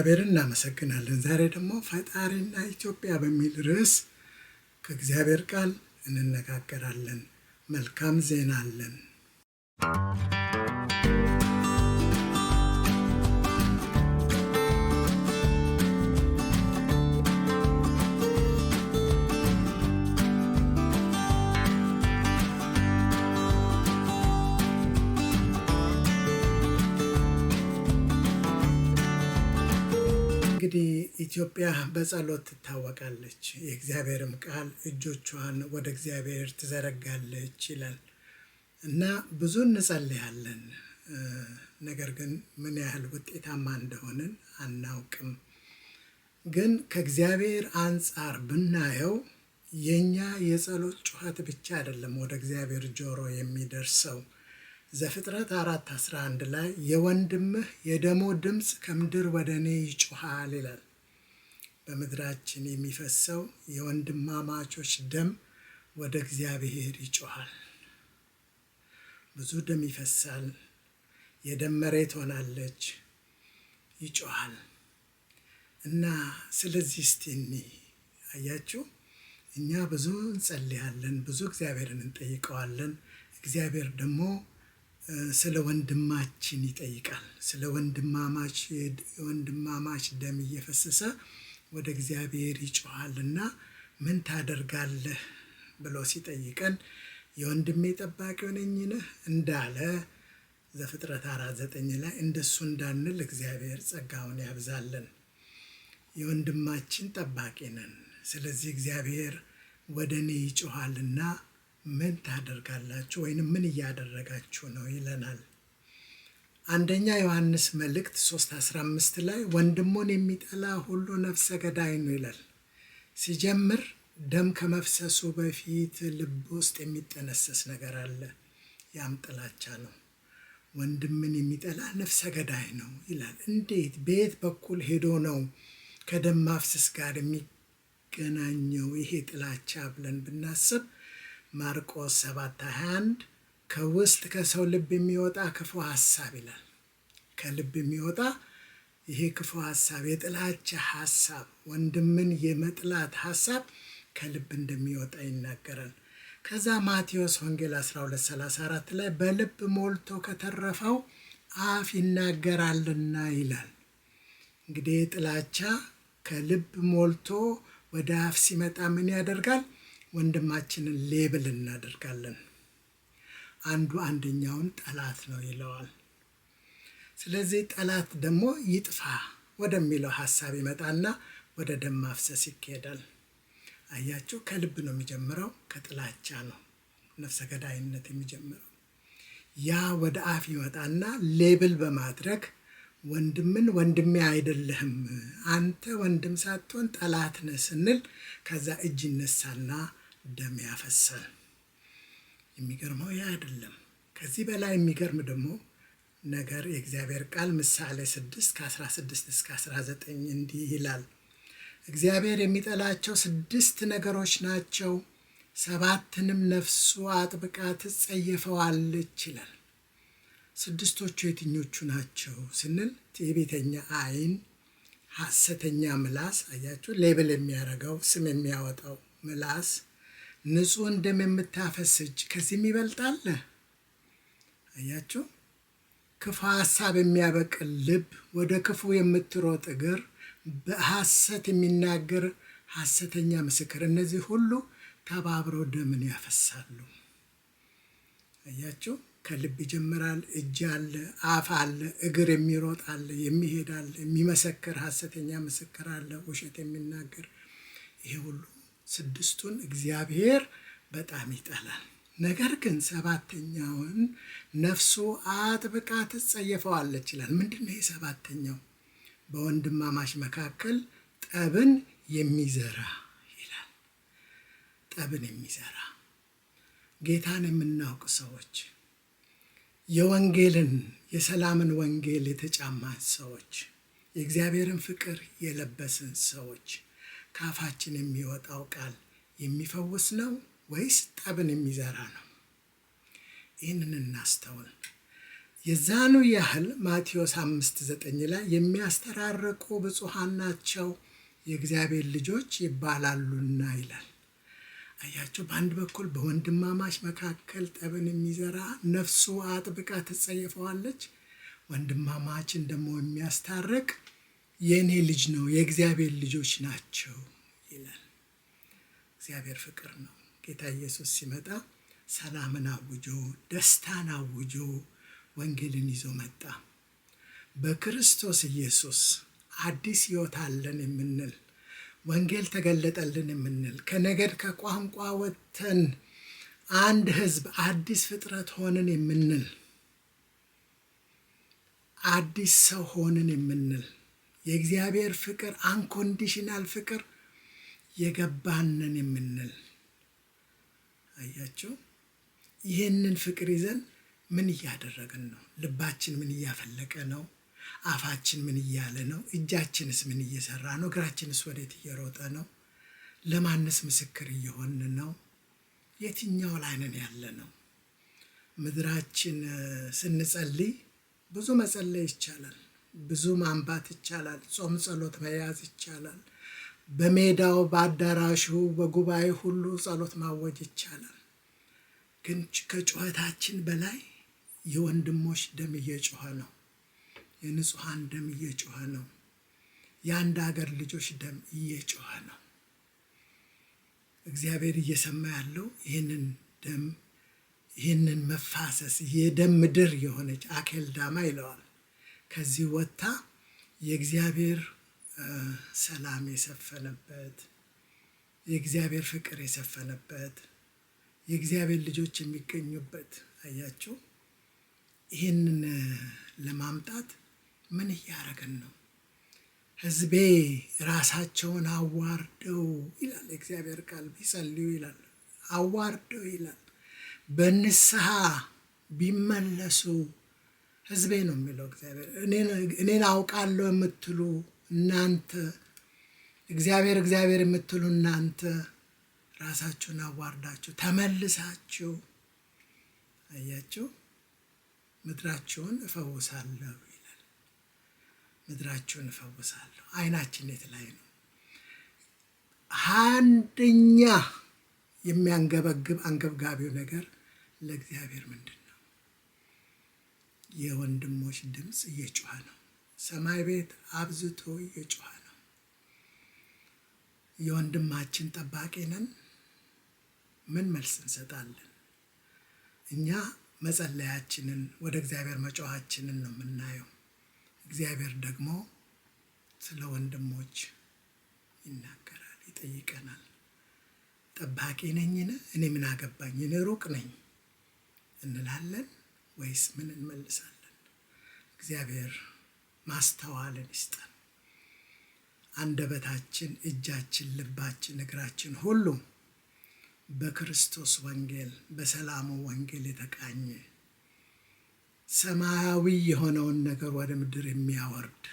እግዚአብሔርን እናመሰግናለን። ዛሬ ደግሞ ፈጣሪና ኢትዮጵያ በሚል ርዕስ ከእግዚአብሔር ቃል እንነጋገራለን። መልካም ዜና አለን። ኢትዮጵያ በጸሎት ትታወቃለች፣ የእግዚአብሔርም ቃል እጆቿን ወደ እግዚአብሔር ትዘረጋለች ይላል እና ብዙ እንጸልያለን፣ ነገር ግን ምን ያህል ውጤታማ እንደሆንን አናውቅም። ግን ከእግዚአብሔር አንጻር ብናየው የእኛ የጸሎት ጩኸት ብቻ አይደለም ወደ እግዚአብሔር ጆሮ የሚደርሰው። ዘፍጥረት አራት አስራ አንድ ላይ የወንድምህ የደሞ ድምፅ ከምድር ወደ እኔ ይጮሃል ይላል። በምድራችን የሚፈሰው የወንድማማቾች ደም ወደ እግዚአብሔር ይጮሃል ብዙ ደም ይፈሳል። የደም መሬት ሆናለች፣ ይጮሃል እና ስለዚህ እስቲ እኒ አያችሁ እኛ ብዙ እንጸልያለን፣ ብዙ እግዚአብሔርን እንጠይቀዋለን። እግዚአብሔር ደግሞ ስለ ወንድማችን ይጠይቃል። ስለ ወንድማማች ደም እየፈሰሰ ወደ እግዚአብሔር ይጮኋልና ምን ታደርጋለህ ብሎ ሲጠይቀን የወንድሜ ጠባቂ ነኝን እንዳለ ዘፍጥረት አራት ዘጠኝ ላይ እንደሱ እንዳንል እግዚአብሔር ጸጋውን ያብዛልን። የወንድማችን ጠባቂ ነን። ስለዚህ እግዚአብሔር ወደ እኔ ይጮኋልና ምን ታደርጋላችሁ ወይንም ምን እያደረጋችሁ ነው ይለናል። አንደኛ ዮሐንስ መልእክት 3:15 ላይ ወንድሙን የሚጠላ ሁሉ ነፍሰ ገዳይ ነው ይላል። ሲጀምር ደም ከመፍሰሱ በፊት ልብ ውስጥ የሚጠነሰስ ነገር አለ። ያም ጥላቻ ነው። ወንድምን የሚጠላ ነፍሰ ገዳይ ነው ይላል። እንዴት በየት በኩል ሄዶ ነው ከደም ማፍሰስ ጋር የሚገናኘው ይሄ ጥላቻ ብለን ብናስብ ማርቆስ 7:21 ከውስጥ ከሰው ልብ የሚወጣ ክፉ ሀሳብ ይላል። ከልብ የሚወጣ ይሄ ክፉ ሀሳብ፣ የጥላቻ ሀሳብ፣ ወንድምን የመጥላት ሀሳብ ከልብ እንደሚወጣ ይናገራል። ከዛ ማቴዎስ ወንጌል 1234 ላይ በልብ ሞልቶ ከተረፈው አፍ ይናገራልና ይላል። እንግዲህ ጥላቻ ከልብ ሞልቶ ወደ አፍ ሲመጣ ምን ያደርጋል? ወንድማችንን ሌብል እናደርጋለን። አንዱ አንደኛውን ጠላት ነው ይለዋል። ስለዚህ ጠላት ደግሞ ይጥፋ ወደሚለው ሀሳብ ይመጣና ወደ ደም ማፍሰስ ይካሄዳል። አያችሁ፣ ከልብ ነው የሚጀምረው፣ ከጥላቻ ነው ነፍሰ ገዳይነት የሚጀምረው። ያ ወደ አፍ ይመጣና ሌብል በማድረግ ወንድምን ወንድሜ አይደለህም አንተ ወንድም ሳትሆን ጠላት ነህ ስንል ከዛ እጅ ይነሳና ደም ያፈሳል። የሚገርመው ያ አይደለም። ከዚህ በላይ የሚገርም ደግሞ ነገር የእግዚአብሔር ቃል ምሳሌ 6 ከ16 እስከ 19 እንዲህ ይላል። እግዚአብሔር የሚጠላቸው ስድስት ነገሮች ናቸው፣ ሰባትንም ነፍሱ አጥብቃ ትጸየፈዋለች ይላል። ስድስቶቹ የትኞቹ ናቸው ስንል ትዕቢተኛ አይን ሐሰተኛ ምላስ፣ አያችሁ ሌብል የሚያደርገው ስም የሚያወጣው ምላስ፣ ንጹህ ደም የምታፈስ እጅ፣ ከዚህም ይበልጣል አያችሁ ክፉ ሀሳብ የሚያበቅል ልብ፣ ወደ ክፉ የምትሮጥ እግር፣ በሐሰት የሚናገር ሐሰተኛ ምስክር፣ እነዚህ ሁሉ ተባብረው ደምን ያፈሳሉ። አያችሁ፣ ከልብ ይጀምራል። እጅ አለ፣ አፍ አለ፣ እግር የሚሮጥ አለ፣ የሚሄድ አለ፣ የሚመሰክር ሐሰተኛ ምስክር አለ፣ ውሸት የሚናገር ይሄ ሁሉ ስድስቱን እግዚአብሔር በጣም ይጠላል። ነገር ግን ሰባተኛውን ነፍሱ አጥብቃ ትጸየፈዋለች ይላል። ምንድን ነው የሰባተኛው? በወንድማማች መካከል ጠብን የሚዘራ ይላል። ጠብን የሚዘራ ጌታን የምናውቅ ሰዎች የወንጌልን የሰላምን ወንጌል የተጫማን ሰዎች የእግዚአብሔርን ፍቅር የለበስን ሰዎች ካፋችን የሚወጣው ቃል የሚፈውስ ነው። ወይስ ጠብን የሚዘራ ነው? ይህንን እናስተውል። የዛኑ ያህል ማቴዎስ አምስት ዘጠኝ ላይ የሚያስተራርቁ ብፁሐን ናቸው የእግዚአብሔር ልጆች ይባላሉና ይላል። አያቸው። በአንድ በኩል በወንድማማች መካከል ጠብን የሚዘራ ነፍሱ አጥብቃ ትጸየፈዋለች፣ ወንድማማችን ደግሞ የሚያስታርቅ የእኔ ልጅ ነው የእግዚአብሔር ልጆች ናቸው ይላል። እግዚአብሔር ፍቅር ነው። ጌታ ኢየሱስ ሲመጣ ሰላምን አውጆ ደስታን አውጆ ወንጌልን ይዞ መጣ። በክርስቶስ ኢየሱስ አዲስ ሕይወት አለን የምንል ወንጌል ተገለጠልን የምንል ከነገድ ከቋንቋ ወጥተን አንድ ሕዝብ አዲስ ፍጥረት ሆንን የምንል አዲስ ሰው ሆንን የምንል የእግዚአብሔር ፍቅር አንኮንዲሽናል ፍቅር የገባንን የምንል አያቸው። ይህንን ፍቅር ይዘን ምን እያደረግን ነው? ልባችን ምን እያፈለቀ ነው? አፋችን ምን እያለ ነው? እጃችንስ ምን እየሰራ ነው? እግራችንስ ወዴት እየሮጠ ነው? ለማንስ ምስክር እየሆን ነው? የትኛው ላይ ነን ያለ ነው? ምድራችን ስንጸልይ ብዙ መጸለይ ይቻላል። ብዙ ማንባት ይቻላል። ጾም ጸሎት መያዝ ይቻላል። በሜዳው በአዳራሹ በጉባኤ ሁሉ ጸሎት ማወጅ ይቻላል። ግን ከጩኸታችን በላይ የወንድሞች ደም እየጮኸ ነው። የንጹሐን ደም እየጮኸ ነው። የአንድ ሀገር ልጆች ደም እየጮኸ ነው። እግዚአብሔር እየሰማ ያለው ይህንን ደም ይህንን መፋሰስ የደም ምድር የሆነች አኬልዳማ ይለዋል። ከዚህ ወጥታ የእግዚአብሔር ሰላም የሰፈነበት የእግዚአብሔር ፍቅር የሰፈነበት የእግዚአብሔር ልጆች የሚገኙበት አያችሁ። ይህንን ለማምጣት ምን እያደረግን ነው? ህዝቤ ራሳቸውን አዋርደው ይላል እግዚአብሔር ቃል፣ ቢጸልዩ ይላል፣ አዋርደው ይላል፣ በንስሐ ቢመለሱ ህዝቤ ነው የሚለው እግዚአብሔር። እኔን አውቃለሁ የምትሉ እናንተ እግዚአብሔር እግዚአብሔር የምትሉ እናንተ ራሳችሁን አዋርዳችሁ ተመልሳችሁ አያችሁ ምድራችሁን እፈውሳለሁ ይላል። ምድራችሁን እፈውሳለሁ። አይናችን የት ላይ ነው? አንደኛ የሚያንገበግብ አንገብጋቢው ነገር ለእግዚአብሔር ምንድን ነው? የወንድሞች ድምፅ እየጮኸ ነው። ሰማይ ቤት አብዝቶ የጮኸ ነው። የወንድማችን ጠባቂ ነን፣ ምን መልስ እንሰጣለን? እኛ መጸለያችንን ወደ እግዚአብሔር መጮኻችንን ነው የምናየው። እግዚአብሔር ደግሞ ስለ ወንድሞች ይናገራል፣ ይጠይቀናል። ጠባቂ ነኝን? እኔ ምን እኔ ሩቅ ነኝ እንላለን ወይስ ምን እንመልሳለን? እግዚአብሔር ማስተዋልን ይስጠን። አንደበታችን፣ እጃችን፣ ልባችን፣ እግራችን ሁሉ በክርስቶስ ወንጌል በሰላሙ ወንጌል የተቃኘ ሰማያዊ የሆነውን ነገር ወደ ምድር የሚያወርድ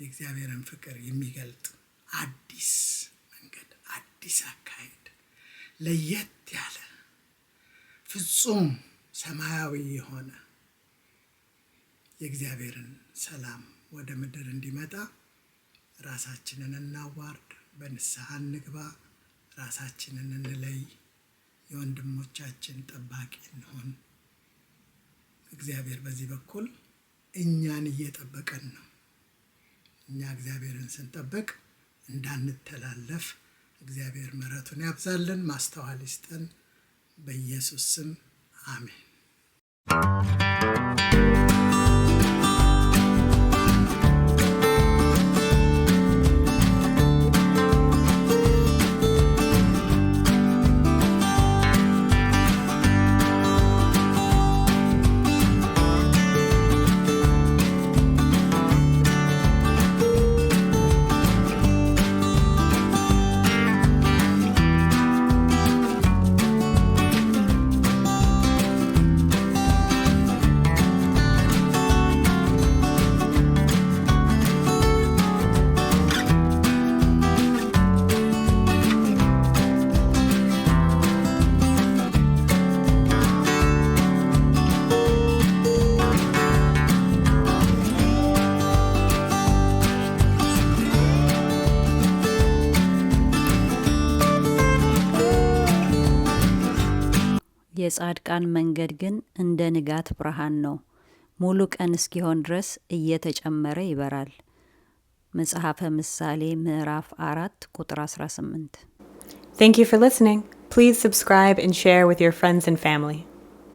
የእግዚአብሔርን ፍቅር የሚገልጥ አዲስ መንገድ፣ አዲስ አካሄድ፣ ለየት ያለ ፍጹም ሰማያዊ የሆነ የእግዚአብሔርን ሰላም ወደ ምድር እንዲመጣ ራሳችንን እናዋርድ፣ በንስሐ እንግባ፣ ራሳችንን እንለይ፣ የወንድሞቻችን ጠባቂ እንሆን። እግዚአብሔር በዚህ በኩል እኛን እየጠበቀን ነው። እኛ እግዚአብሔርን ስንጠብቅ እንዳንተላለፍ እግዚአብሔር ምሕረቱን ያብዛልን፣ ማስተዋል ይስጠን። በኢየሱስ ስም አሜን። የጻድቃን መንገድ ግን እንደ ንጋት ብርሃን ነው፣ ሙሉ ቀን እስኪሆን ድረስ እየተጨመረ ይበራል። መጽሐፈ ምሳሌ ምዕራፍ አራት ቁጥር 18። Thank you for listening. Please subscribe and share with your friends and family.